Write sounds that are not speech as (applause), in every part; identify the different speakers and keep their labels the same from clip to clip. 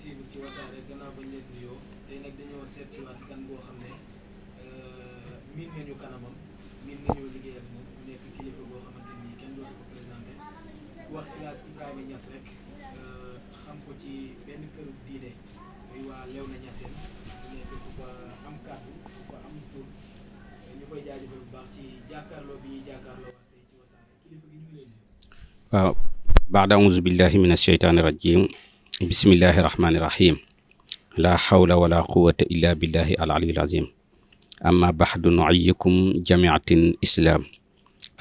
Speaker 1: suivre ci wasaare gannaaw bañ leen nuyoo tey nag dañoo seet si waat gan boo xam ne euh, miin nañu kanamam miin nañoo liggéey moom mu nekk kilifa boo xamante ni kenn dootu ko présenté wax El Hadj Ibrahima Niass rek euh, ko ci am kàddu ku am tur ñu koy jaajëfal bu baax ci jàkkaarloo bi ñuy jàkkaarloo wax tey ci wasaare
Speaker 2: kilifa gi ñu bismillahi rahmaani rahim laa xawla wala quwata illa billahi al aliyul azim amma baxdu nuayikum jamiatin islaam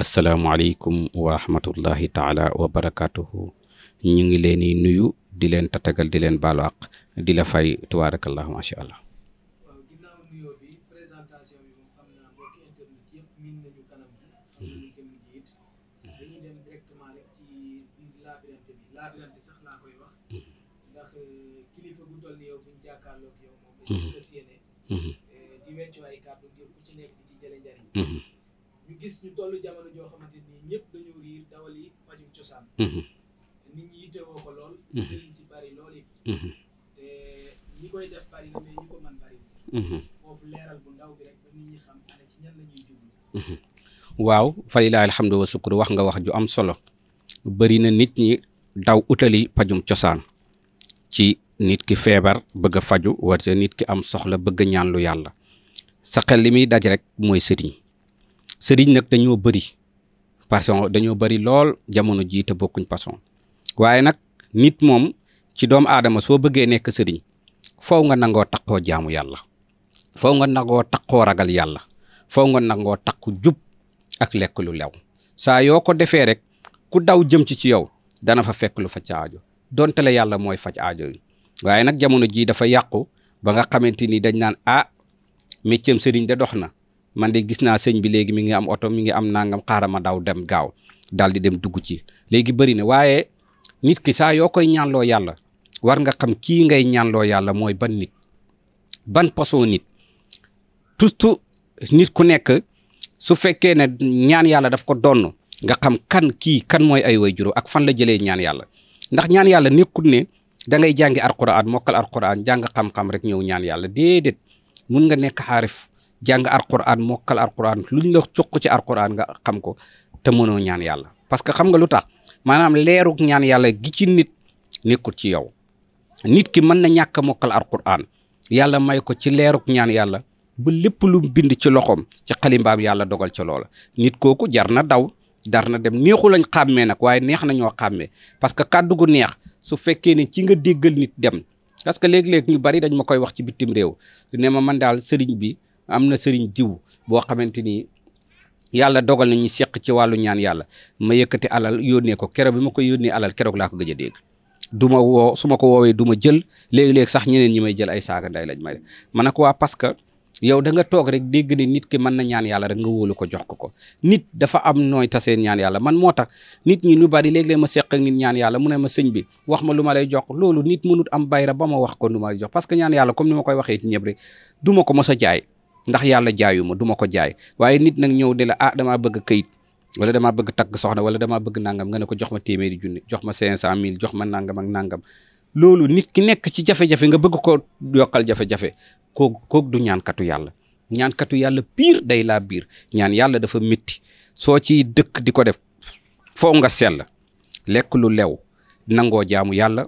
Speaker 2: asalaamualeykum wa rahmatullahi taala wa barakatuhu ñu ngi leen di nuyu di leen tatagal di leen baalu àq di la fay tubaarakallahu macha allah mhm. mhm.
Speaker 1: dañuy dem directement rek ci biir laabirante bi laabirante sax laa koy wax mhm. ndax euh, kilifa xam ana mhm.
Speaker 2: waaw fa lilahi alhamdu wax nga wax ju am solo bëri na nit ñi daw utali pajum cosaan ci nit ki feebar bëgg faju faju wala nit ki am soxla bëgg a ñaan lu yàlla sa xel li muy daj rek mooy sëriñ sëriñ nag dañoo bëri façon dañoo bari lool jamono jiita bokkuñ façon waaye nag nit moom ci doomu aadama soo bëggee nekk sëriñ faw nga nangoo taqoo jaamu yàlla faw nga nangoo taqoo ragal yàlla faw nga nangoo taqu jub ak lekk lu lew saa yoo ko defee rek ku daw jëm ci ci yow dana fa fekk lu fa caajo donte la yàlla mooy faj aajo yi waaye nag jamono jii dafa yàqu ba nga xamante ni dañ naan ah métier sëriñ de dox na man de gis naa sëñ bi léegi mi ngi am oto mi ngi am nangam ma daw dem gaaw daal di dem dugg ci léegi bëri na waaye nit ki saa yoo koy ñaanloo yàlla war nga xam kii ngay ñaanloo yàlla mooy ban nit ban façon nit surtout nit ku nekk su fekkee ne ñaan yàlla daf ko donn nga xam kan kii kan mooy ay waajur ak fan la jëlee ñaan yàlla ndax ñaan yàlla nekkut ne da ngay jàngi alquran mokkal alquran jàng xam-xam rek ñëw ñaan yàlla déedéet mun nga nekk xaarif jàng alquran mokkal alquran luñ la cuq ci alquran nga xam ko te mënoo ñaan yàlla parce que xam nga lu tax maanaam leeruk ñaan yàlla gi ci nit nekkul ci yow nit ki mën na ñàkk a mokkal alquran yàlla may ko ci leeruk ñaan yàlla ba lépp lu bind ci loxoom ci xalimbaam yàlla dogal ci loola nit kooku jar na daw dar na dem neexu lañ xàmmee nag waaye neex nañoo xàmmee parce que kàddu gu neex su fekkee ne ci nga déggal nit dem parce que léeg-léeg ñu bari dañ ma koy wax ci bitim réew ne ma man daal sëriñ bi am na sëriñ diw boo xamante ni yàlla dogal na ñu seq ci wàllu ñaan yàlla ma yëkkati alal yónnee ko keroog bi ma ko yónnee alal keroog laa ko gëj a dégg du ma woo su ma ko woowee du ma jël léegi-léegi sax ñeneen ñi may jël ay saaga nday lañ may def ma waa parce yow da nga toog rek dégg ne nit ki mën na ñaan yàlla rek nga wóolu ko jox ko ko nit dafa am nooy tasee ñaan yàlla man moo tax nit ñi lu bari léeg-léeg ma seq ak nit ñaan yàlla mun ne ma sëñ bi wax ma lu ma lay jox loolu nit mënut am bayra ba ma wax ko lu ma jox parce que ñaan yàlla comme ni ma koy waxee ci ñëpp rek du ma ko mos a jaay ndax yàlla jaayu ma duma ko jaay waaye nit nag ñëw ne la ah damaa bëgg këyit wala damaa bëgg takk soxna wala damaa bëgg nangam nga ne ko jox ma téeméeri junni jox ma cinq cent mille jox ma nangam ak nangam loolu nit ki nekk ci jafe-jafe nga bëgg ko yokkal jafe-jafe kook kook du ñaankatu yàlla ñaankatu yàlla piir day laa biir ñaan yàlla dafa metti soo ci dëkk di ko def foo nga sell lekk lu lew nangoo jaamu yàlla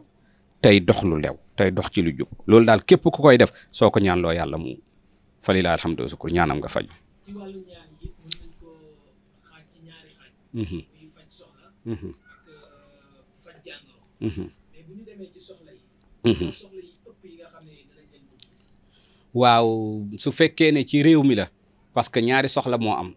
Speaker 2: tey dox lu lew tey dox ci lu jub loolu daal képp ku koy def soo ko ñaan loo yàlla mu fali laa alhamdu sukur ñaanam nga mhm. faj mm bu ñu mhm. waaw su fekkee ne ci réew mi la parce que ñaari soxla moo am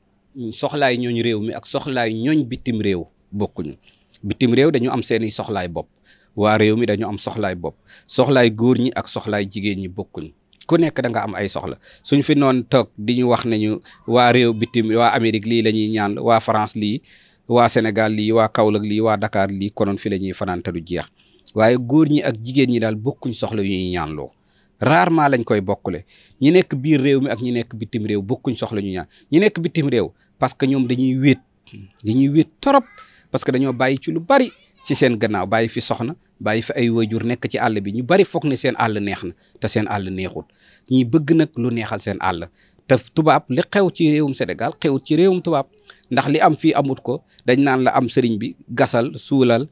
Speaker 2: soxlaay ñooñ réew mi ak soxlaay ñooñ bitim réew bokkuñu bitim réew dañu am seeni soxlaay bopp waa réew mi dañu am soxlaay bopp soxlaay góor ñi ak soxlaay jigéen ñi bokkuñu. ku nekk da nga am ay soxla suñ fi noon toog di ñu wax nañu waa réew bitim waa Amérique lii la ñuy waa France lii waa Sénégal lii waa kawlak lii waa dakaar lii konoon fi la ñuy fanaan te jeex. waaye góor ñi ak jigéen ñi daal bokkuñ soxla yu ñuy ñaanloo rarement lañ koy bokkule ñi nekk biir réew mi ak ñi nekk bittim réew bokkuñ soxla ñu ñaan ñi nekk bitim réew parce que ñoom dañuy wéet dañuy wéet torop parce que dañoo bàyyi ci lu bari ci seen gannaaw bàyyi fi soxna bàyyi fi ay wajur nekk ci àll bi ñu bari foog ne seen àll neex na te seen àll neexut ñi bëgg nag lu neexal seen àll te tubaab li xew ci réewum Sénégal xewut ci réewum tubaab ndax li am fii amut ko dañ naan la am sëriñ bi gasal suulal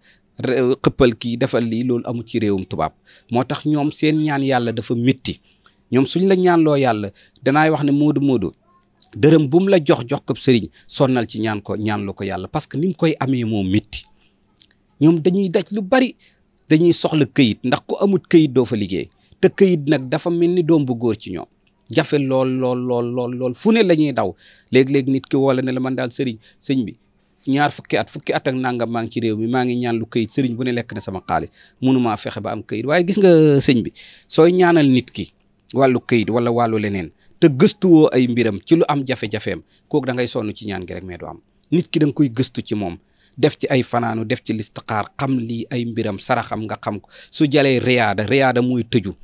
Speaker 2: xëppal kii defal lii loolu amul ci réewum tubaab moo tax ñoom seen ñaan yàlla dafa métti ñoom suñ la ñaanloo yàlla danaay wax ne moodu moodu dërëm bu la jox jox ko sëriñ sonnal ci ñaan ko ñaan lu ko yàlla parce que ni mu koy amee moo métti ñoom dañuy daj lu bari dañuy soxla këyit ndax ku amut këyit doo fa liggéey te këyit nag dafa mel ni doom bu góor ci ñoom jafe lool lool lool lool lool fu ne la ñuy daw léeg-léeg nit ki woo la ne la man daal sëriñ sëñ bi ñaar fukki at fukki at ak nangam maa ngi ci réew mi maa ngi ñaan lu këyit sëriñ bu ne lekk na sama xaalis mënumaa fexe ba am kayit waaye gis nga sëñ bi sooy ñaanal nit ki wàllu kayit wala wàllu leneen te gëstuwoo ay mbiram ci lu am jafe-jafeem kooku da ngay sonn ci ñaan gi rek mais du am nit ki da nga koy gëstu ci moom def ci ay fanaanu def ci listixaar xam lii ay mbiram saraxam nga xam ko su jalee riyaada riyaada muy tëju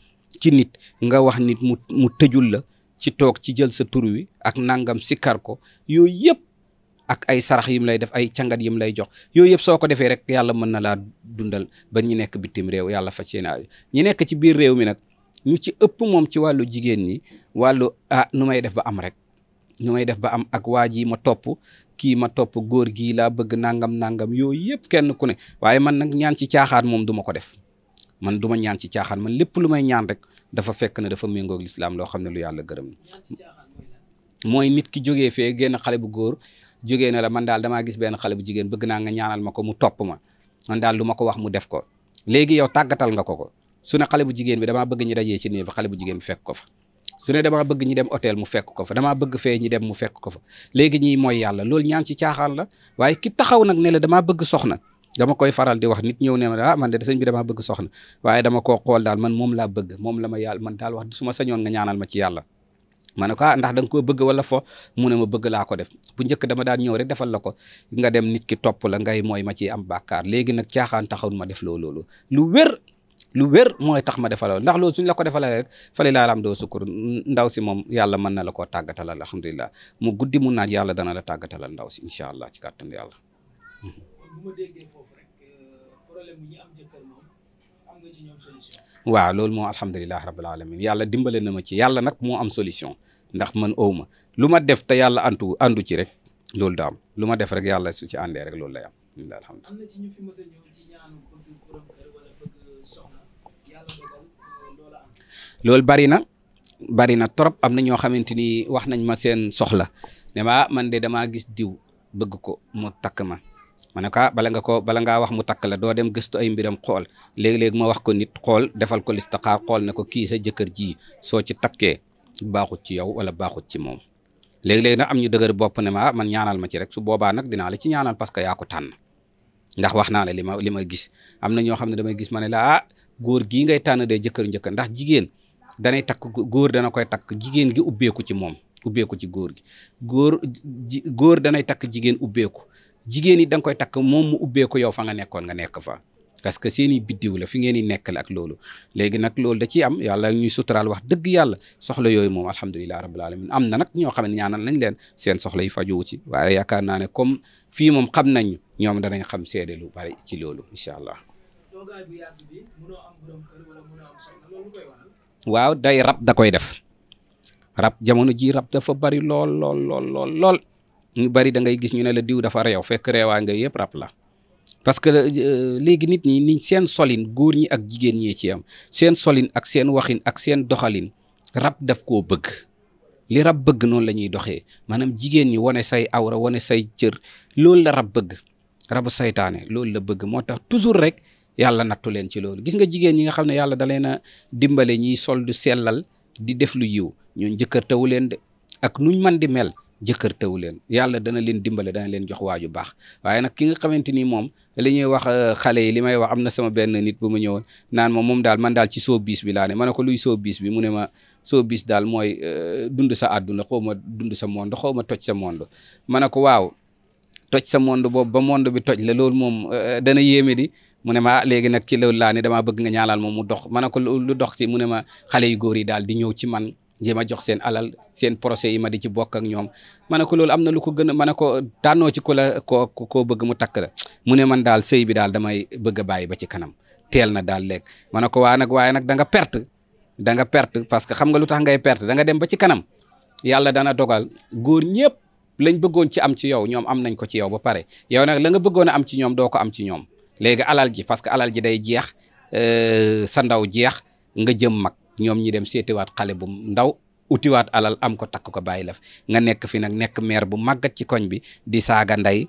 Speaker 2: ci nit nga wax nit mu mu tëjul la ci toog ci jël sa tur wi ak nangam sikkar yooyu yëpp ak ay sarax yim lay def ay cangat yim lay jox yooyu yëpp soo ko defee rek yàlla mën na laa dundal ba ñu nekk bitim réew yàlla fa seen aajo ñi nekk ci biir réew mi nag ñu ci ëpp moom ci wàllu jigéen ñi wàllu ah nu may def ba am rek nu may def ba am ak waa ji ma topp kii ma topp góor gii laa bëgg nangam nangam yooyu yëpp kenn ku ne waaye man nag ñaan ci caaxaan moom duma ko def man du ma ñaan ci caaxaan man lépp lu may ñaan rek dafa fekk ne dafa méngoog lislaam loo xam ne lu yàlla gërëm jógee la man daal dama gis benn xale bu jigéen bëgg naa nga ñaanal ma ko mu topp ma man daal lu ma ko wax mu def ko léegi yow tàggatal nga ko ko su ne xale bu jigéen bi damaa bëgg ñu dajee ci néeg bi xale bu jigéen bi fekk ko fa su ne damaa bëgg ñi dem hôtel mu fekk ko fa damaa bëgg fee ñi dem mu fekk ko fa léegi ñi mooy yàlla loolu ñaan ci caaxaan la waaye ki taxaw nag ne la damaa bëgg soxna dama koy faral di wax nit ñëw ne ma ah, man de sëñ bi damaa bëgg soxna waaye dama koo xool daal man moom laa bëgg moom la ma yàlla man daal wax su ma sañoon nga ñaanal ma ci yàlla ma ko ah ndax da nga koo bëgg wala fo mu ne ma bëgg laa ko def bu njëkk dama daan ñëw rek defal la ko nga dem nit ki topp la ngay mooy ma ci am bàkkaar léegi nag caaxaan taxawul ma def loolu loolu lu wér lu wér mooy tax ma defal loolu ndax loolu suñ la ko defalee rek fali laa am doo sukkur ndaw si moom yàlla mën na la ko koo tàggatalal alhamdulilah mu guddi mun naaj yàlla dana la tàggatalal ndaw si incha allah ci kàttan yàlla mm-hmm. waaw loolu moom alhamdulilah rabbil alamin yàlla dimbale na ma ci yàlla nag moo am solution ndax man ow ma lu ma def te yàlla antu àndu ci rek loolu da am lu ma def rek yàlla su ci àndee rek loolu lay am
Speaker 1: alhamdulilah euh,
Speaker 2: loolu bari na bari na trop am na ñoo xamante ni wax nañ ma seen soxla ne ma ah, man de damaa gis diw bëgg ko mu takk ma ma ne ah, bala nga ko bala ngaa wax mu takk la doo dem gëstu ay mbiram xool léegi-léegi ma wax ko nit xool defal ko listixaar xool ne ko kii sa jëkkër ji soo ci takkee baaxut ci yow wala baaxut ci moom léegi-léegi nag am ñu dëgër bopp ne ma ah, man ñaanal ma ci rek su boobaa nag dinaa la ci ñaanal parce que yaa ko ndax wax naa la li ma li ma gis am na ñoo xam ne damay gis ma ne la ah góor gii ngay tànn dee jëkkër njëkk ndax jigéen danay takk góor dana koy takk jigéen gi ubbeeku ci moom ubbeeku ci góor gi góor góor danay takk jigéen ubbeeku jigéen yi da koy takk moom mu ubbeeku yow fa nga nekkoon nga nekk fa parce que seen i la fi ngeen di nekk la ak loolu léegi nag loolu da ciy am yàlla ñuy suturaal wax dëgg yàlla soxla yooyu moom alhamdulilah rabbil alamin am na ñoo xam ne ñaanal nañ leen seen soxla yi fajuwu ci waaye yaakaar naa ne comme fii moom xam nañ ñoom danañ xam seede lu bari ci loolu incha allah. waaw day rab da koy def rab jamono ji rab dafa bari lool lool lool lool lool bari da ngay gis ñu ne la diw dafa réew fekk reewaa nga yëpp rab la. parce que euh, léegi nit ñi ni seen solin góor ñi ak jigéen ñee ci am seen solin ak seen waxin ak seen doxalin rab daf koo bëgg li rab bëgg noonu la ñuy doxee maanaam jigéen ñi wane say awra wane say cër loolu la rab bëgg rabu seytaane loolu la bëgg moo tax toujours rek yàlla nattu leen ci loolu gis nga jigéen ñi nga xam ne yàlla da leen a dimbale ñiy sol du sellal di def lu yiw ñun jëkkër leen de ak nuñ man di mel jëkkër tewu leen yàlla dana leen dimbale dana leen jox waaju baax waaye nag ki nga xamante ni moom li ñuy wax euh, xale yi li may wax am na sama benn nit bu ma ñëwoon naan ma moom daal man daal ci soo biis bi laa ne ma ne ko luy soo biis bi mu ne ma soo daal mooy euh, dund sa àdduna xaw ma dund sa monde xaw ma toj sa moondo ma ne ko waaw toj sa monde boobu ba monde bi toj la loolu moom euh, dana yéeme di mu ne ma ah, léegi nag ci loolu laa ne damaa bëgg nga ñaalaal moom mu dox ma ne ko lu ci mu ne ma xale yu góor yi daal di ñëw ci man jéem a jox seen alal seen procès yi ma di ci bokk ak ñoom ma ne ko loolu am na lu ko gën a ma ne ko tànnoo ci ko la koo koo bëgg mu takk la mu ne man daal sëy bi daal damay bëgg a bàyyi ba ci kanam teel na daal léeg ma ko waaye nag waaye nag da perte danga perte parce que xam nga lu tax ngay perte da nga dem ba ci kanam yàlla dana dogal góor ñëpp lañ bëggoon ci am ci yow ñoom am nañ ko ci yow ba pare yow nag la nga bëggoon a am ci ñoom doo ko am ci ñoom léegi alal ji parce que alal ji day jeex euh, sa ndaw jeex nga jëm mag ñoom ñi dem seetiwaat xale bu ndaw utiwaat alal am ko takk ko bàyyi laf fi nga nekk fi nag nekk maire bu màggat ci koñ bi di saaga ndey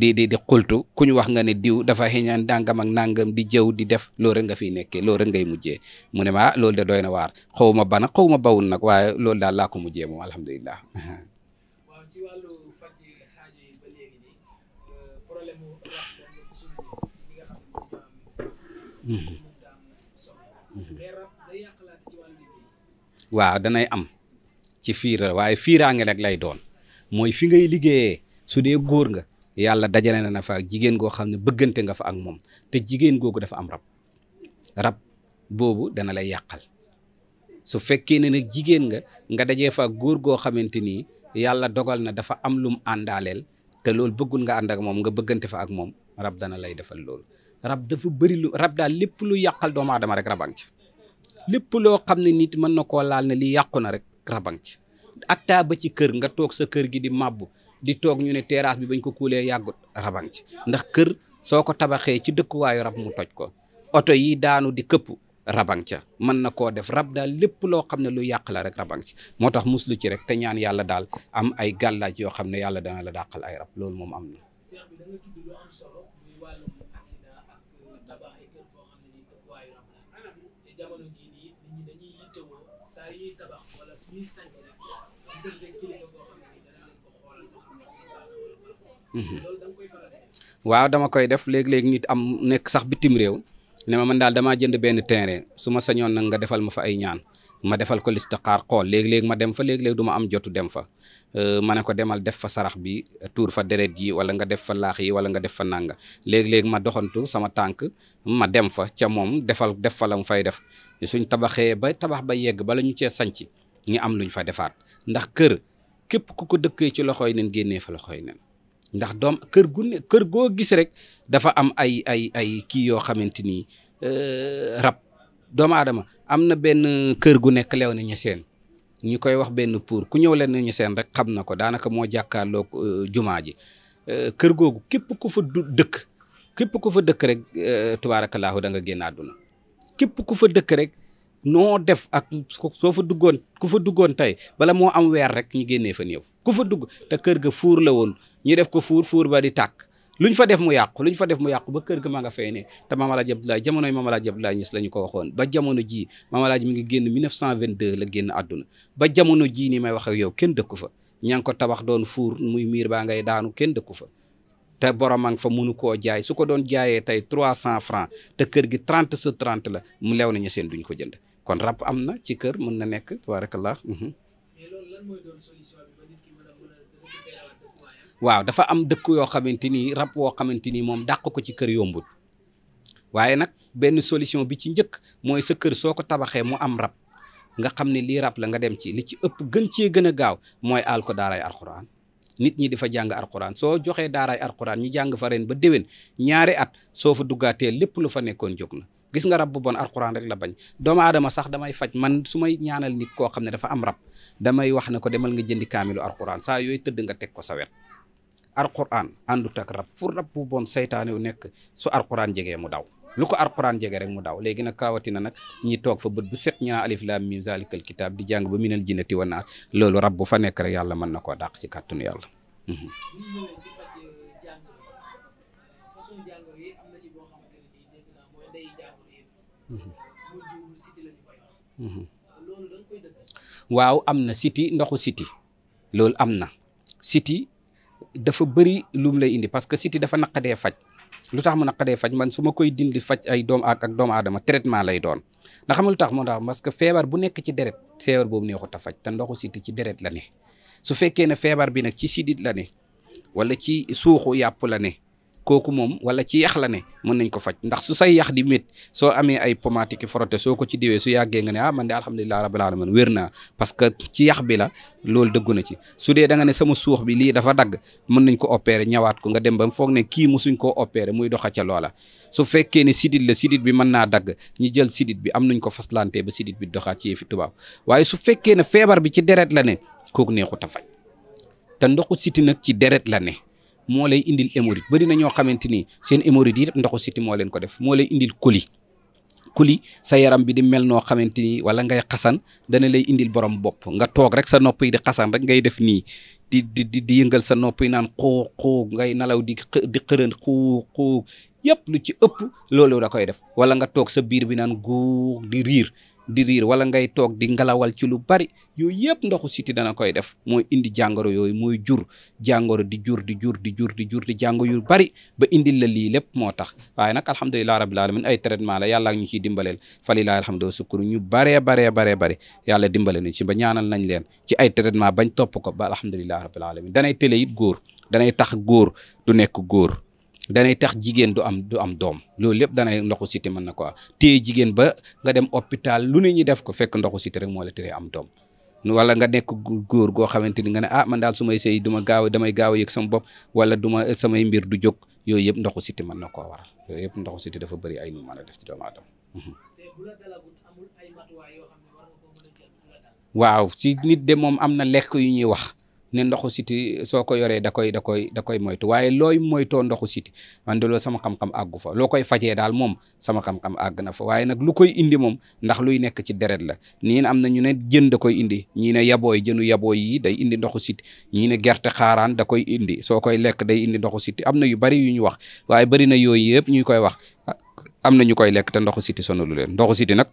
Speaker 2: di di di xultu ku ñu wax nga ne diw dafa xëñaan dàngam ak nàngam di jëw di def loolu rek nga fiy nekkee loolu rek ngay mujje mu ne ma ah loolu de doy na waar xaw ma bana xaw ma bawul nag waaye loolu daal laa ko mujjee moom alhamdulilah. (laughs) waaw danay am ci fiira waaye fiiraange rek lay doon mooy fi ngay liggéeyee su dee góor nga yàlla dajale na fa ak jigéen goo xam ne bëggante nga fa ak moom te jigéen googu dafa am rab rab boobu dana lay yàqal su fekkee ne nag jigéen nga nga dajee fa góor goo xamante ni yàlla dogal na dafa am lum àndaaleel te loolu bëggul nga ànd ak moom nga bëggante fa ak moom rab dana lay defal loolu rab dafa bëri lu rab daal lépp lu yàqal doomu aadama rek rabang ci lépp loo xam ne nit mën na koo laal ne lii yàqu na rek rabang ci attaa ba ci kër nga toog sa kër gi di màbbu di toog ñu ne terrasse bi bañ ko kuulee yàggut rabang ci ndax kër soo ko tabaxee ci dëkkuwaayu rab mu toj ko oto yi daanu di këpp rabang ca mën na koo def rab daal lépp loo xam ne lu yàq la rek rabang ci moo tax muslu ci rek te ñaan yàlla daal am ay gàllaaj yoo xam ne yàlla dana la dàqal ay rab loolu moom am na ñuy mhm. waaw dama koy def léeg-léeg nit am nekk sax bitim réew ne ma man daal damaa jënd benn terrain su ma sañoon nag nga defal ma fa ay ñaan ma defal ko listixaar xool léeg-léeg ma dem fa léeg-léeg du am jotu dem fa euh, ma ne ko demal def fa sarax bi tuur fa deret ji wala nga def fa laax yi wala nga def fa nanga léeg-léeg ma doxantu sama tànk ma dem fa ca moom defal def fa la mu fay def suñ tabaxee ba tabax ba yegg bala ñu cee sanc ñi am luñ fa defaat ndax kër képp ku ko dëkkee ci loxooy nen génnee fa loxooy neen ndax doom kër gu ne kër goo gis rek dafa am ay ay ay kii yoo xamante ni euh, rab doomu aadama am na benn kër gu nekk lew na ñu seen ñi koy wax benn pour ku ñëw leen ñu seen rek xam na ko daanaka moo jàkkaarloo euh, jumaa ji euh, kër googu képp ku fa dëkk képp ku fa dëkk rek tubaarakallaahu da nga génn àdduna képp ku fa dëkk rek noo def ak soo fa duggoon ku fa duggoon tey bala moo am weer rek ñu génnee fa néew ku fa dugg te kër ga fuur la woon ñu def ko fuur fuur ba di tàkk luñ fa def mu yàqu luñ fa def mu yàqu ba kër ga ma nga fay ne te Mame Alhaji Abdoulaye jamonoy Mame Alhaji Abdoulaye Niass la ñu ko waxoon ba jamono jii Mame Alhaji mi ngi génn 1922 la génn àdduna ba jamono jii ni may wax ak yow kenn dëkku fa ña ngi ko tabax doon fuur muy miir baa ngay daanu kenn dëkku fa te boromang fa munu koo jaay su ko doon jaayee tey 300 francs te kër gi 30 sur 30 la mu lew nañu seen duñ ko jënd kon rab am na ci kër mën na nekk tabarakallah mhm. waaw dafa am dëkk yoo xamante ni rab woo xamante ni moom dàq ko ci kër yombut waaye nag benn solution bi ci njëkk mooy sa kër soo ko tabaxee mu am rab nga xam ne lii rab la nga dem ci li ci ëpp gën cee gën a gaaw mooy aal ko daaray alxuraan nit ñi di fa jàng alxuraan soo joxee daaray alxuraan ñu jàng fa ren ba déwén ñaari at soo fa duggaatee lépp lu fa nekkoon jóg na gis nga rab bu bon alxuraan rek la bañ doomu aadama sax damay faj man su may ñaanal nit koo xam ne dafa am rab damay wax na ko demal nga jëndi kaamilu alxuraan saa yooyu tëdd nga teg ko sa wet alxuraan àndut ak rab fu rab bu bon saytaane wu nekk su alxuraan jegee mu daw lu ko alxuraan jege rek mu daaw léegi nag kawatina nag ñi toog fa bët bu set ñaa alif laam miim zaalikal kitaab di jàng ba minal jinnati wa naas loolu rab bu fa nekk rek yàlla mën na koo dàq ci kàttanu yàlla mhm. Mm-hmm. waaw am na siti ndoxu siti loolu am na siti dafa bëri lum lay indi parce que siti dafa naqadee faj lu tax mu naqadee faj man su ma koy dindi faj ay doom ak doomu aadama traitement lay doon ndax xam lu tax moo tax parce que feebar bu nekk ci deret feebar boobu neexut a faj te ndoxu siti ci deret la ne su fekkee ne feebar bi nag ci sidit la ne wala ci suuxu yàpp la ne kooku moom wala ci yax la ne mën nañ ko faj ndax su say yax di mét soo amee ay pommade ki soo ko ci diwee su yàggee nga ne ah man de alhamdulilah rabbil alamin wér na parce que ci yax bi la loolu dëggu na ci su dee da nga ne sama suux bi lii dafa dagg mën nañ ko opérer ñawaat ko nga dem ba foog ne kii musuñ koo opérer muy doxa ca loola su fekkee ne sidit la sidit bi mën naa dagg ñi jël sidit bi am nuñ ko faslante ba sidit bi doxaat ci yëfi tubaab waaye su fekkee ne feebar bi ci deret la ne kooku neexut a faj te ndoxu siti nag ci deret la ne moo lay indil hémorroïde bari na ñoo xamante ni seen hémorroïde yi ndoxu siti moo leen ko def moo lay indil coli coli sa yaram bi di mel noo xamante ni wala ngay xasan dana lay indil borom bopp nga toog rek sa nopp yi di xasan rek ngay def nii di di di yëngal sa nopp yi naan xoo xoo ngay nalaw di di xërën xoo xoo yëpp lu ci ëpp loolu da koy def wala nga toog sa biir bi naan góor di riir di riir wala ngay toog di ngalawal ci lu bari yooyu yëpp ndoxu siti dana koy def mooy indi jàngoro yooyu mooy jur jàngoro di jur di jur di jur di jur di jàngoro yu bari ba indi la lii lépp moo tax waaye nag alhamdulilah rabbil alamin ay traitement la yàlla ñu ciy dimbaleel falilahi alhamdu sukkur ñu baree baree baree bari yàlla dimbale nañ ci ba ñaanal nañ leen ci ay traitement bañ topp ko ba alhamdulilah rabbil alamin danay tële it góor danay tax góor du nekk góor danay tax jigéen du am du am doom loolu lépp danay ndoxu siti man na ko téye jigéen ba nga dem hôpital lu ne ñu def ko fekk ndoxu siti rek moo la tere am doom wala nga nekk góor goo xamante ni nga ne a ah, man daal su may sëy du ma gaaw damay gaaw a yëg sama bopp wala du ma samay mbir du jog yooyu yëpp ndoxu siti man na koo waral yooyu yëpp ndoxu siti dafa bari ay nu mën a def ci doomu aadama mhm. waaw ci nit de moom am na lekk yu ñuy wax ne ndoxu siti soo ko yoree da koy da koy da koy moytu waaye looy moytoo ndoxu siti man sama xam-xam àggu fa loo koy fajee daal moom sama xam-xam àgg na fa waaye nag lu koy indi moom ndax luy nekk ci deret la nii am na ñu ne jën da koy indi ñii ne yabooy jënu yabooy yi day indi ndoxu siti ñii ne gerte xaaraan da koy indi soo koy lekk day indi ndoxu siti am na yu bari yu ñu wax waaye bari na yooyu yëpp ñu koy wax ah, am na ñu koy lekk te ndoxu siti sonalu leen ndoxu siti nag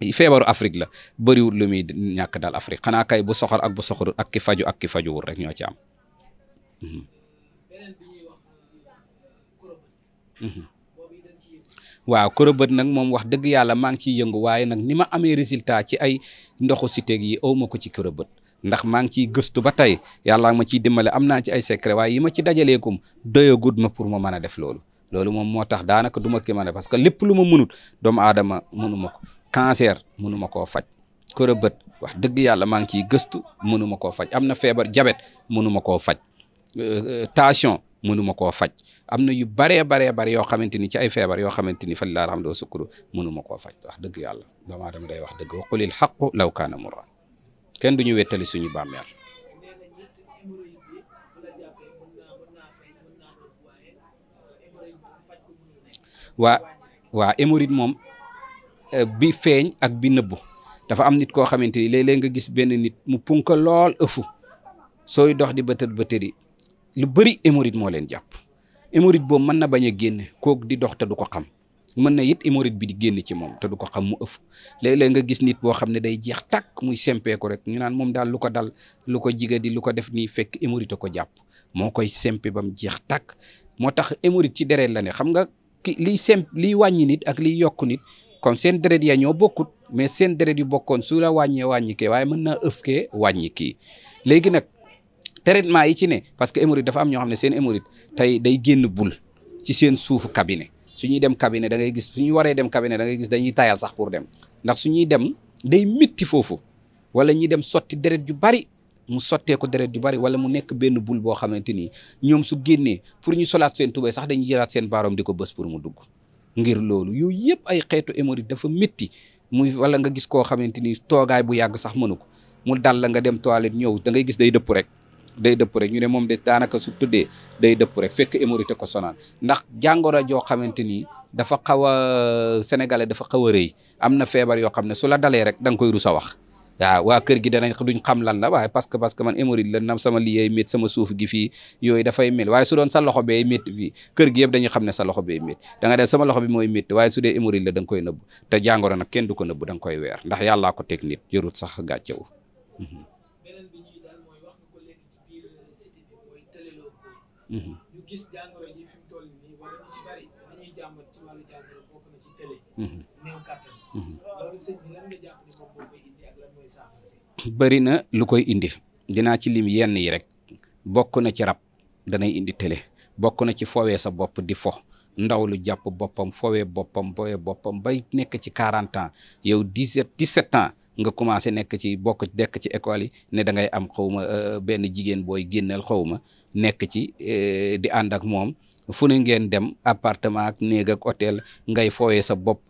Speaker 2: feebaru Afrique la bëriwul lu muy ñàkk daal Afrique xanaa kay bu soxor ak bu soxorul ak ki faju ak ki fajuwul rek ñoo ci am. Mhm. Mhm. waaw korobët nag moom wax dëgg yàlla maa ngi ciy yëngu waaye nag ni ma amee résultat ci ay ndoxu siteeg yi aw ma ko ci korobët ndax maa ngi ciy gëstu ba tey yàlla ma ciy dimbale am naa ci ay secret waaye yi ma ci dajaleekum doyagut ma pour ma mën a def loolu loolu moom moo tax daanaka du ma ki mën a parce que lépp lu ma mënut doomu aadama mënu ma ko cancer mënuma koo faj kër bët wax dëgg yàlla maa ngi ciy gëstu mënuma koo faj am na feebar jabet mënuma koo faj euh, euh, tension mënuma koo faj am na yu baree bare bare yoo xamante ni ci ay feebar yoo xamante ni fa lillahi alhamdu wa sukru ma koo faj wax dëgg yàlla doomu aadama day wax dëgg wa qulil xaqu law kaana murran kenn du ñu wettali suñu bàmmeel Euh, bi feeñ ak bi nëbbu dafa am nit koo xamante ni léeg nga gis benn nit mu punka lool ëfu sooy dox di bëtër bëtëri lu bëri hémorroïde moo leen jàpp hémorroïde boobu mën na bañ a génn kooku di dox te du ko xam mën na it hémorroïde bi di génn ci moom te du ko xam mu ëf léeg nga gis nit boo xam ne day jeex tàkk muy sempeeku rek ñu naan moom daal lu ko dal lu ko jiga di lu ko def nii fekk hémorroïde ko jàpp moo koy sempe bam jeex tàkk moo tax hémorroïde ci deret la ne xam nga ki liy semp liy wàññi nit ak liy yokk nit comme seen deret ya ñoo bokkut mais seen deret yu bokkoon su la wàññee wàññi waaye mën naa ëf kee wàññi kii léegi nag traitement yi ci ne parce que hémorroïde dafa am ñoo xam ne seen hémorroïde tey day génn bul ci seen suuf cabinet su ñuy dem cabinet da ngay gis su ñuy waree dem cabinet da ngay gis dañuy tayal sax pour dem ndax su ñuy dem day métti foofu wala ñuy dem sotti deret yu bari mu sottee ko deret yu bari wala mu nekk benn bul boo xamante ni ñoom su génnee pour ñu solaat seen tubéy sax dañuy jëlaat seen di ko bës pour mu dugg. ngir loolu yooyu yëpp ay xeetu hémorroïde dafa métti muy wala nga gis koo xamante ni toogaay bu yàgg sax mënu ko mu dal la nga dem toilette ñëw da ngay gis day dëpp rek day dëpp rek ñu ne moom de daanaka su tëddee day dëpp rek fekk hémorroïde ko sonal ndax jàngoro joo xamante ni dafa xaw a sénégalais dafa xaw rëy am na feebar yoo xam ne su la dalee rek da nga koy rus a wax waaw waa kër gi danañ duñ xam lan la waaye parce que parce que man hémorroïde la nam sama liyeey métti sama suuf gi fii yooyu dafay mel waaye su doon sa loxo bee métti fii kër gi yëpp dañuy xam ne sa loxo bee métti da nga sama loxo bi mooy métti waaye su dee hémorroïde la da koy nëbb te jàngoro na kenn du ko nëbb da nga koy weer ndax yàllaa ko teg nit sax gàccewu mhm. euh, mhm. ñu ji fi mu bëri na lu koy indi dinaa ci lim yenn yi rek bokk na ci rab danay indi télé bokk na ci fowee sa bopp di fo ndaw lu jàpp boppam fowee boppam fowee boppam bay nekk ci quarante ans yow dix-sept dix-sept ans nga commencé nekk ci bokk dekk ci école yi ne dangay am xawma euh, benn jigéen booy génneel xawma nekk ci euh, di ànd ak moom fu ne ngeen dem appartement ak néeg ak hôtel ngay fowee sa bopp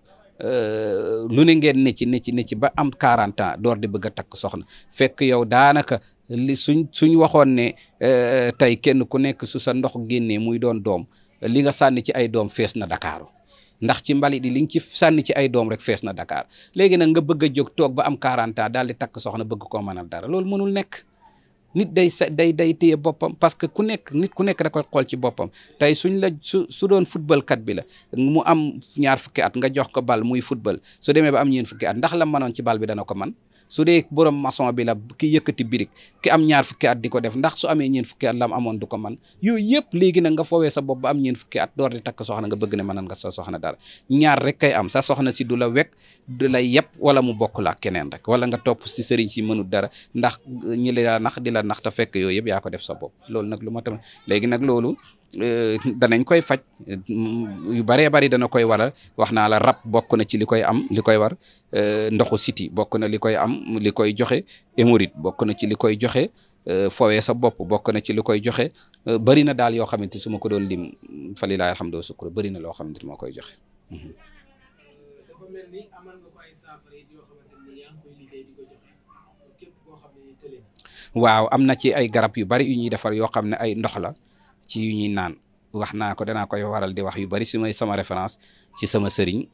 Speaker 2: Euh, lu ne ngeen ne ci ne ci ne ci ba am 40 ans door di bëgg a takk soxna fekk yow daanaka li suñ suñ waxoon ne euh, tey kenn ku nekk su sa ndox génnee muy doon doom li nga sànni ci ay doom fees na Dakaaru ndax ci mbalit yi li nga ci sànni ci ay doom rek fees na Dakar léegi nag nga bëgg a jóg toog ba am 40 ans daal di takk soxna bëgg koo mënal dara loolu mënul nekk. nit day sa day day téye boppam parce que ku nekk nit ku nekk da koy xool ci boppam tey suñ la su su doon football kat bi la mu am ñaar fukki at nga jox ko bal muy football su demee ba am ñeen fukki at ndax la mënoon ci bal bi dana ko man su dee borom maçon bi la ki yëkkati birig ki am ñaar fukki at di ko def ndax su amee ñeen fukki at la am amoon du ko man yooyu yëpp léegi na nga foowee sa bopp ba am ñeen fukki at door di takk soxna nga bëgg ne mënan nga sa soxna dara ñaar rek kay am sa soxna si du la wekk du la yëpp wala mu bokk ak keneen rek wala nga topp si sëriñ si mënul dara ndax ñi la nax di la nax te fekk yooyu yëpp yaa ko def sa bopp loolu nag lu ma tam léegi nag loolu Euh, danañ koy faj euh, yu bëree bëri dana koy waral wax naa la rab bokk na ci li koy am li koy war euh, ndoxu siti bokk na li koy am li koy joxe hémorroïde bokk na ci li koy joxe fowee sa bopp bokk na ci li koy joxe bëri na daal yoo xamante su ma ko doon lim fa lilaay alhamdu sukkur na loo xamante moo koy joxe. Mhm.
Speaker 1: koy liggéey
Speaker 2: waaw am na ci ay garab yu bari yu ñuy defar yoo xam ne ay ndox la. ci yu ñuy naan wax naa ko danaa koy waral di wax yu bari si may sama référence ci sama sëriñ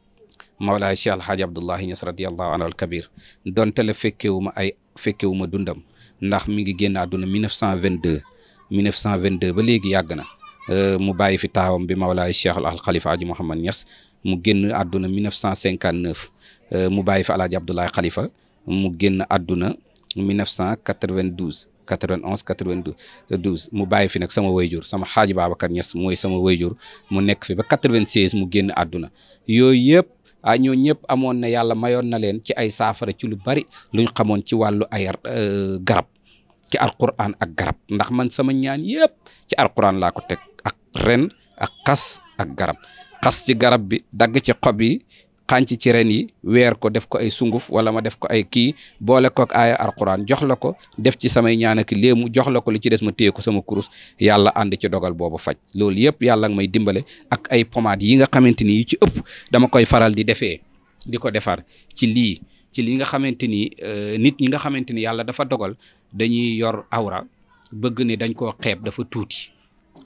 Speaker 2: Mawlaay Cheikh Alhaaji Abdullahi Ñas radiyallahu anhu al kabir donte la fekkewu ma ay fekkewu ma dundam ndax mi ngi génn àdduna 1922 1922 ba léegi yàgg na euh, mu bàyyi fi taawam bi Mawlaay Cheikh al Khalifa Aji Mouhamad Ñas mu génn àdduna 1959 euh, mu bàyyi fi Alhaaji Abdullahi Khalifa mu génn àdduna 1992 91 92 mu bàyyi fi nag sama wayjur sama xaaji Babacar Niass mooy sama wayjur mu nekk fi ba 96 mu génn àdduna yooyu yëpp ah ñoo ñëpp amoon na yàlla mayoon na leen ci ay saafara ci lu bari luñ xamoon ci wàllu ay euh, garab ci alquran ak garab ndax man sama ñaan yëpp ci alquran laa ko teg ak ren ak xas ak garab xas ci garab bi dagg ci xob xànc ci ren yi weer ko def ko ay sunguf wala ma def ko ay kii boole kook aaya alquran jox la ko def ci samay ñaan ak léemu jox la ko li ci des ma téye ko sama kurus yàlla ànd ci dogal boobu faj loolu yëpp yàlla nga may dimbale ak ay pomade yi nga xamante ni yi ci ëpp dama koy faral di defee di ko defar ci lii ci li nga xamante ni euh, nit ñi nga xamante ni yàlla dafa dogal dañuy yor awra bëgg ne dañ koo xeeb dafa tuuti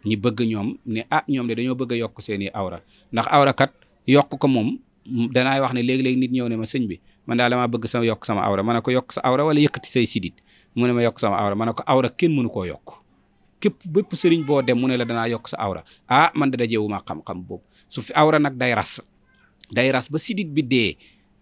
Speaker 2: ñi bëgg ñoom ne ah ñoom de dañoo bëgg a yokk seeni awra awra danaay wax ne léegi-léegi nit ñëw ne ma sëñ bi man daal damaa bëgg sama yokk sama awra ma ne ko yokk sa awra wala yëkkati say sidit mu ne ma yokk sama awra ma ne ko awra kenn mënu koo yokk képp bépp sëriñ boo dem mu ne la danaa yokk sa awra ah man da dajeewuma xam-xam boobu su fi awra nag day ras day ras ba sidit bi dee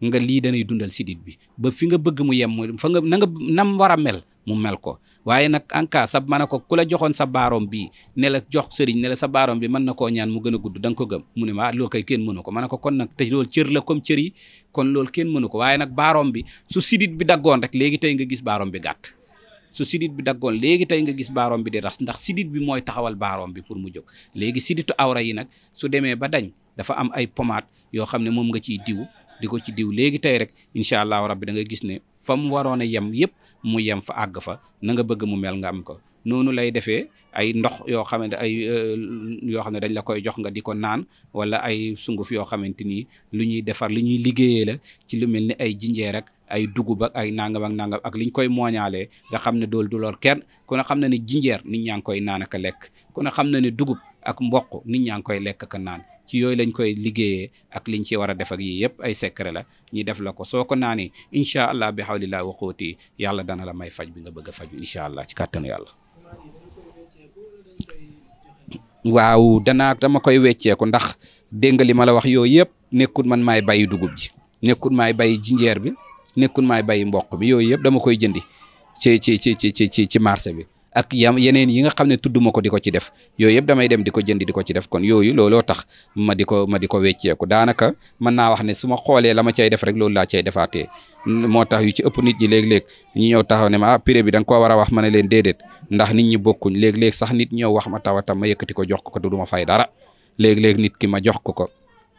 Speaker 2: nga lii danay dundal sidit bi ba fi nga bëgg mu yem mu nga na nam war a mel mu mel ko waaye nag en cas sa mën a ko ku la joxoon sa baaroom bi ne la jox sëriñ ne la sa baaroom bi mën na koo ñaan mu gën a gudd da ko gëm mu ne ma ah loo koy kenn mënu ko ma ko kon nag te loolu cër la comme cër kon loolu kenn mënu ko waaye nag baaroom bi su sidit bi daggoon rek léegi tey nga gis baaroom bi gàtt su sidit bi daggoon léegi tey nga gis baaroom bi di ras ndax sidit bi mooy taxawal baaroom bi pour mu jóg léegi siditu awra yi nag su demee ba dañ dafa am ay pomaat yoo xam ne moom nga ciy diw di ko ci diw léegi tey rek incha allahu rabbi da nga gis ne fa mu waroon a yem yëpp mu yem fa àgg fa na nga bëgg mu mel nga am ko noonu lay defee ay ndox yoo xamante ay euh, yoo xam ne dañ la koy jox nga di ko naan wala ay sunguf yoo xamante ni lu ñuy defar lu ñuy liggéeyee la ci lu mel ni ay jinjeer rek ay dugub ak ay nangam ak nangam ak liñ koy mooñaalee nga xam ne dool du lor kenn ku xam na ne jinjeer ni ñaa ngi koy naan ak a lekk ku ne xam na ne dugub ak mboq nit ñaa ngi koy lekk ak naan ci yooyu lañ koy liggéeyee ak liñ ci war a def ak yii yëpp ay secret la ñu def la ko soo ko naanee incha allah bi hawlillah wa quwwati yàlla dana la may faj bi nga bëgg a faju incha allah ci kàttanu yàlla. waaw danaa dama koy wecceeku ndax dégg nga li ma la wax yooyu yëpp nekkul man maay bayi dugub ji nekkul maay bayi jinjeer bi nekkul maay bayi mboq bi yooyu yëpp dama koy jëndi ci ci ci ci ci ci marché bi. ak yam yeneen yi nga xam ne tudduma ko di ko ci def yooyu yëpp damay dem di ko jënd ko ci def kon yooyu looloo tax ma di ko ma di wecceeku daanaka mën naa wax ne su ma xoolee la ma cay def rek loolu laa cay defaatee moo tax yu ci ëpp nit ñi léeg-léeg ñu ñëw taxaw ne ma ah prix bi da nga war a wax ma ne leen déedéet ndax nit ñi bokkuñ léeg-léeg sax nit ñëw wax ma tawatam ma yëkkati ko jox ko ko du ma fay dara léeg-léeg nit ki ma jox ko ko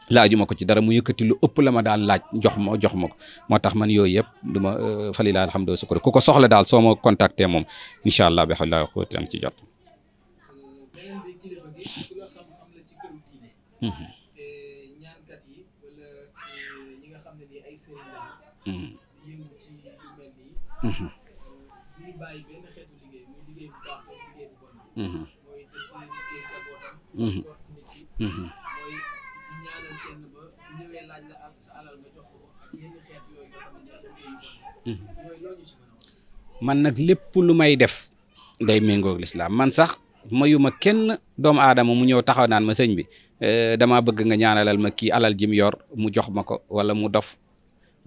Speaker 2: laajuma ko ci dara mu yëkkati lu ëpp la ma daan laaj jox ma jox ma ko moo tax man yooyu yëpp du ma euh, fali laa alhamdulilah sukkur ko soxla daal sooma ma moom incha allah bi xawla xuuti ci jot.
Speaker 1: ñaan mhm. mhm. mhm. Hmm.
Speaker 2: man nag lépp lu may def day méngoog lislaam man sax mayuma kenn doom aadama mu ñëw taxaw naan ma sëñ bi eh, dama bëgg nga ñaanalal ma kii alal jim yor mu jox ma ko wala mu dof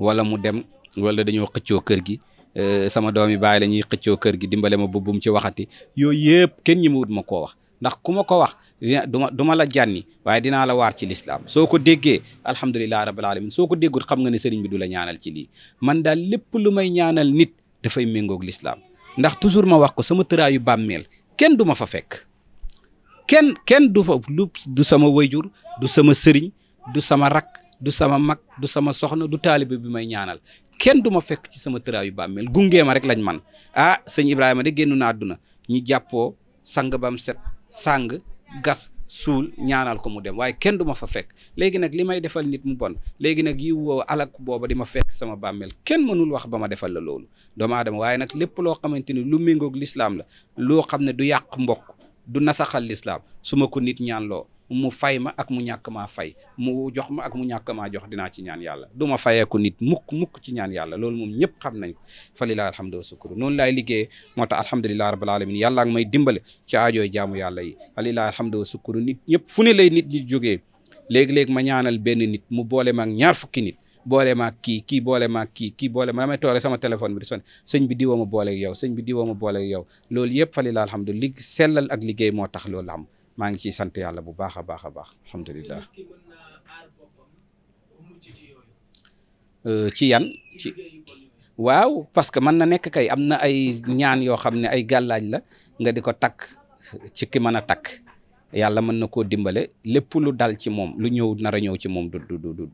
Speaker 2: wala mu dem wala dañoo xëccoo kër gi eh, sama doom yi bàyyi la ñuy xëccoo kër gi dimbale ma bubbum ci waxati yooyu yëpp kenn ñi ma wut ma koo wax ndax ku ma ko wax du ma du la jànni waaye dinaa la waar ci lislaam soo ko déggee alhamdulilahi rabbil alamin soo ko déggul xam nga ne sëriñ bi du la ñaanal ci lii man daal lépp lu may ñaanal nit dafay méngoog lislaam ndax toujours ma wax ko sama tëraayu bàmmeel kenn du ma fa fekk kenn kenn du fa lu du sama wayjur du sama sëriñ du sama rak du sama mag du sama soxna du taalibe bi may ñaanal kenn du ma fekk ci sama tëraayu bàmmeel gungee ma rek lañ man ah sëñ Ibrahima de génn na ñu jàppoo sang bam set sàng gas suul ñaanal ko mu dem waaye kenn du ma fa fekk léegi nag li may defal nit mu bon léegi nag yi woo alak booba di ma fekk sama bàmmeel kenn mënul wax ba ma defal la loolu doomu adama waaye nag lépp loo xamante ni lu méngoog lislaam la loo xam ne du yàq mbokk du nasaxal lislaam su ma ko nit ñaan loo mu fay ma ak mu ñàkk maa fay mu jox ma ak mu ñàkk maa jox dinaa ci ñaan yàlla du ma fayee ko nit mukk mukk ci ñaan yàlla loolu moom ñëpp xam nañ ko fa lilahi alhamdu wa sukuru noonu laay liggéeye moo tax alhamdulilahi rabbil alamin yàlla ak may dimbale ci aajooy yàlla yi fa lilahi alhamdu wa sukuru nit ñëpp fu ne lay nit ñi jógee léegi-léegi ma ñaanal benn nit mu boole maag ñaar fukki nit boole maag kii kii boole maag kii kii boole ma damay toore sama téléphone bi di sonné sëñ bi diwoo ma booleeg yow sëñ bi di ma booleeg yow lool yëpp fa lilahi alhamdu li sellal ak liggéey moo tax loolu am maa ngi ciy sant yàlla bu baax a baax a baax alhamdulilah euh, ci yan waaw parce que mën na nekk kay am na ay ñaan yoo xam ne ay gàllaaj la nga di ko takk ci ki mën a takk yàlla mën na koo dimbale lépp lu dal ci moom lu ñëw nar a ñëw ci moom du du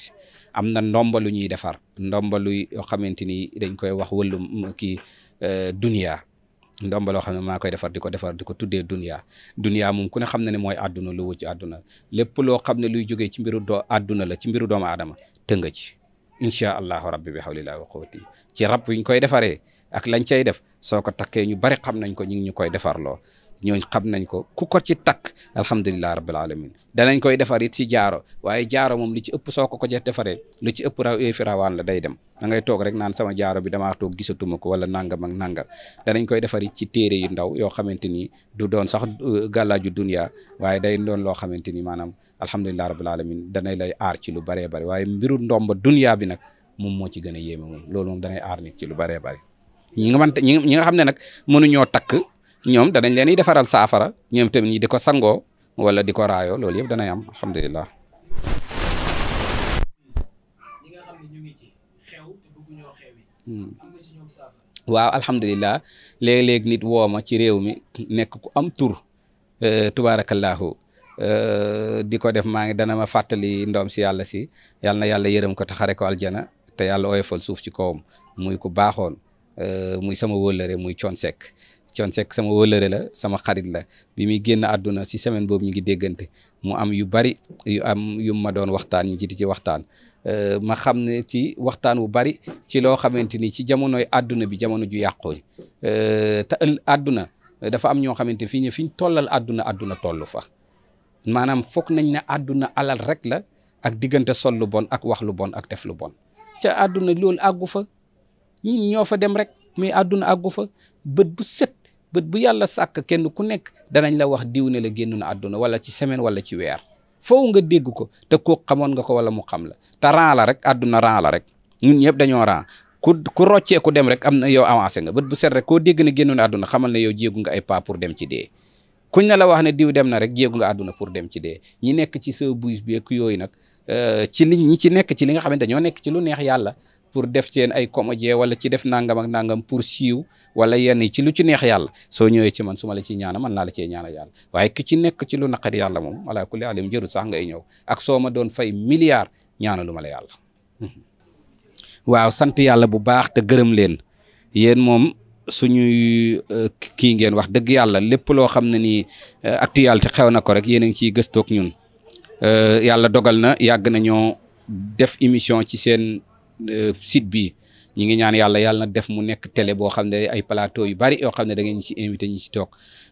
Speaker 2: si am na ndomba lu ñuy defar ndomba lu yoo xamante ni dañ koy wax wallu kii euh, dunia ndomba loo xam ne maa koy defar di ko defar di ko tuddee dunia dunia moom ku ne xam ne ne mooy àdduna lu wut ci àdduna lépp loo xam ne luy jógee ci mbiru doo àdduna la ci mbiru doomu aadama tënga ci incha allahu rabbi bi hawlillahi wa quwwati ci rab wi ñu koy defaree ak lañ cay def soo ko takkee ñu bari xam nañ ko ñu ngi ñu koy defar loo ñooñ xam nañ ko ku ko ci takk alhamdulilah rabbil danañ koy defar it ci jaaro waaye jaaro moom lu ci ëpp soo ko ko defaree lu ci ëpp raw fi la day dem da toog rek naan sama jaaro bi damaa toog gisatuma ko wala nanga ak nanga danañ koy defar ci téere yu ndaw yoo xamante ni du doon sax euh, gàllaaju dunya waaye day doon loo xamante ni maanaam alhamdulilah rabbil alamin danay lay aar ci lu bëree bëri waaye mbiru ndomba dunya bi nag moom moo ci gën a yéeme moom loolu moom aar nit ci lu bëree bëri takk ñoom danañ leen di defaral saafara ñoom tamit ñi di ko sangoo wala di ko raayoo loolu yëpp danay am alhamdulilah. Hmm. waaw alhamdulilah léeg nit woo ma ci réew mi nekk ku am tur euh, tubaarakallaahu euh, di ko def maa ngi dana ma fàttali ndoom si yàlla si yàlla na yàlla yërëm ko te xare ko aljana te yàlla oyofal suuf ci kawam muy ku baaxoon euh, muy sama wóllëre muy coon sekk Thione Seck sama wëlëre la sama xarit la bi muy génn àdduna si semaine boobu ñu ngi déggante mu am yu bari yu am yu ma doon waxtaan ñu ci ci waxtaan euh, ma xam ne ci waxtaan wu bari ci loo xamante ni ci jamonoy àdduna bi jamono ju yàqoo euh, te ël àdduna dafa am ñoo xamante fii ñu fi ñu tollal àdduna àdduna tollu fa maanaam foog nañ ne àdduna alal rek la ak diggante sol lu bon ak wax lu bon ak def lu bon ca àdduna loolu àggu fa ñin ñoo fa dem rek mais àdduna bët bu yàlla sàkk kenn ku nekk danañ la wax diw ne la génn na àdduna wala ci semaine wala ci weer foofu nga dégg ko te koo xamoon nga ko wala mu xam la te ran la rek àdduna ran la rek ñun ñëpp dañoo ran ku ku roccee ku dem rek am na yow avancé nga bët bu set rek koo dégg ne génn na àdduna xamal ne yow jéegu nga ay pas pour dem ci dee kuñ na la wax ne diw dem na rek jéegu nga àdduna pour dem ci dee ñi nekk ci sa buus bi ak yooyu nag euh, ci li ñi ci nekk ci li nga xamante ñoo nekk ci lu neex yàlla pour def ci yéen ay comédie wala ci def nangam ak nangam pour siiw wala yenn ci lu ci neex yàlla soo ñëwee ci man su ma la ciy ñaana man naa la cee ñaana yàlla waaye ki ci nekk ci lu naqari yàlla moom wala kulli alim jërul sax ngay ñëw ak soo ma doon fay milliard ñaana lu ma la yàlla (laughs) waaw sant yàlla bu baax te gërëm leen yéen moom suñuy euh, kii ngeen wax dëgg yàlla lépp loo xam ne nii euh, actualité xew na ko rek yéen a ngi ciy gëstoog ñun euh, yàlla dogal yàgg nañoo site bii ñi ngi ñaan yàlla yàlla def mu nekk télé boo xam ne ay plateau yu bari yoo xam ne da ngeen ñu ci invité ñu ci toog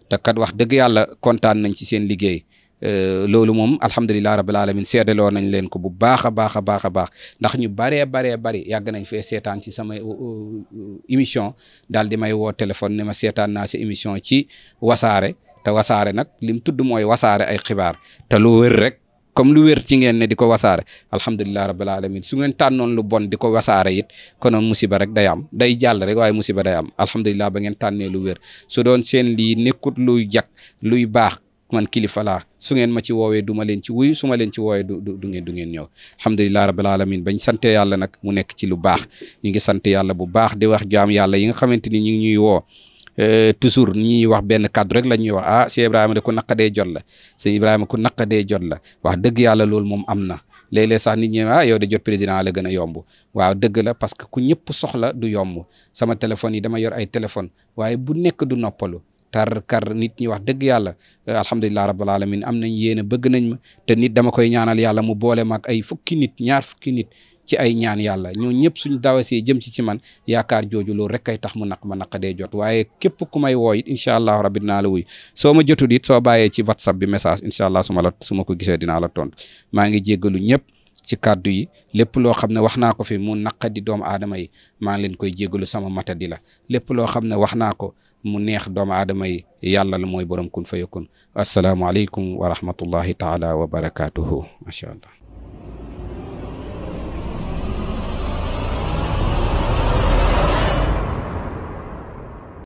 Speaker 2: te kat wax dëgg yàlla kontaan nañ ci seen liggéey euh, loolu moom alhamdulilah rabbil alamin seedaloo nañ leen ko bu baax a baax a baax a baax ndax ñu baree baree bari yàgg nañ fe seetaan ci sama euh, euh, émission daal di may woo téléphone ne ma seetaan naa si émission ci wasaare te wasaare nag lim tudd mooy wasaare ay xibaar te lu wër rek. comme lu wér ci ngeen ne di ko wasaare alhamdulilah rabbil alamin su ngeen tànnoon lu bon di ko wasaare it konoon musiba rek day am day jàll rek waaye musiba da am alhamdulilah ba ngeen tànnee lu wér su doon seen lii nekkut luy jak luy baax man kilifa laa su ngeen ma ci woowee duma leen ci wuy su ma leen ci woowee du du ngeen du ngeen ñëw alhamdulilah rabbil alamin bañ sante yàlla nag mu nekk ci lu baax ñu ngi sant yàlla bu baax di wax jaam yàlla yi nga xamante ni ñu ngi ñuy woo Euh, toujours ñuy wax benn kàddu rek la ñuy wax ah sëñ Ibrahima de ku naqadee jot la sëñ Ibrahima ku naqadee jot la wax dëgg yàlla loolu moom am na léeg-léeg sax nit ñi ah yow de jot président la gën a yomb waaw dëgg la parce que ku ñëpp soxla du yomb sama téléphone yi dama yor ay téléphone waaye bu nekk du noppalu tar kar nit ñi wax dëgg yàlla euh, alhamdulilah rabbil alamin am nañ yéen a bëgg nañ ma te nit dama koy ñaanal yàlla mu boole maag ay fukki nit ñaar fukki nit ci ay ñaan yàlla ñoo ñëpp suñ dawasee jëm ci ci man yaakaar jooju loolu rek kay tax mu naq ma naqadee jot waaye képp ku may woo incha allah rabbi dinaa la wuy soo ma jotul it soo bàyyee ci whatsapp bi message incha allah su la su ma ko gisee dinaa la tontu maa ngi jéggalu ñëpp ci kàddu yi lépp loo xam ne wax naa ko fi mu naqadi doom aadama yi maa ngi leen koy jéggalu sama matadi la lépp loo xam ne wax naa ko mu neex doomu aadama yi yàlla la mooy borom kun fayakun asalaamaaleykum wa rahmatullahi taala wa barakaatuhu macha allah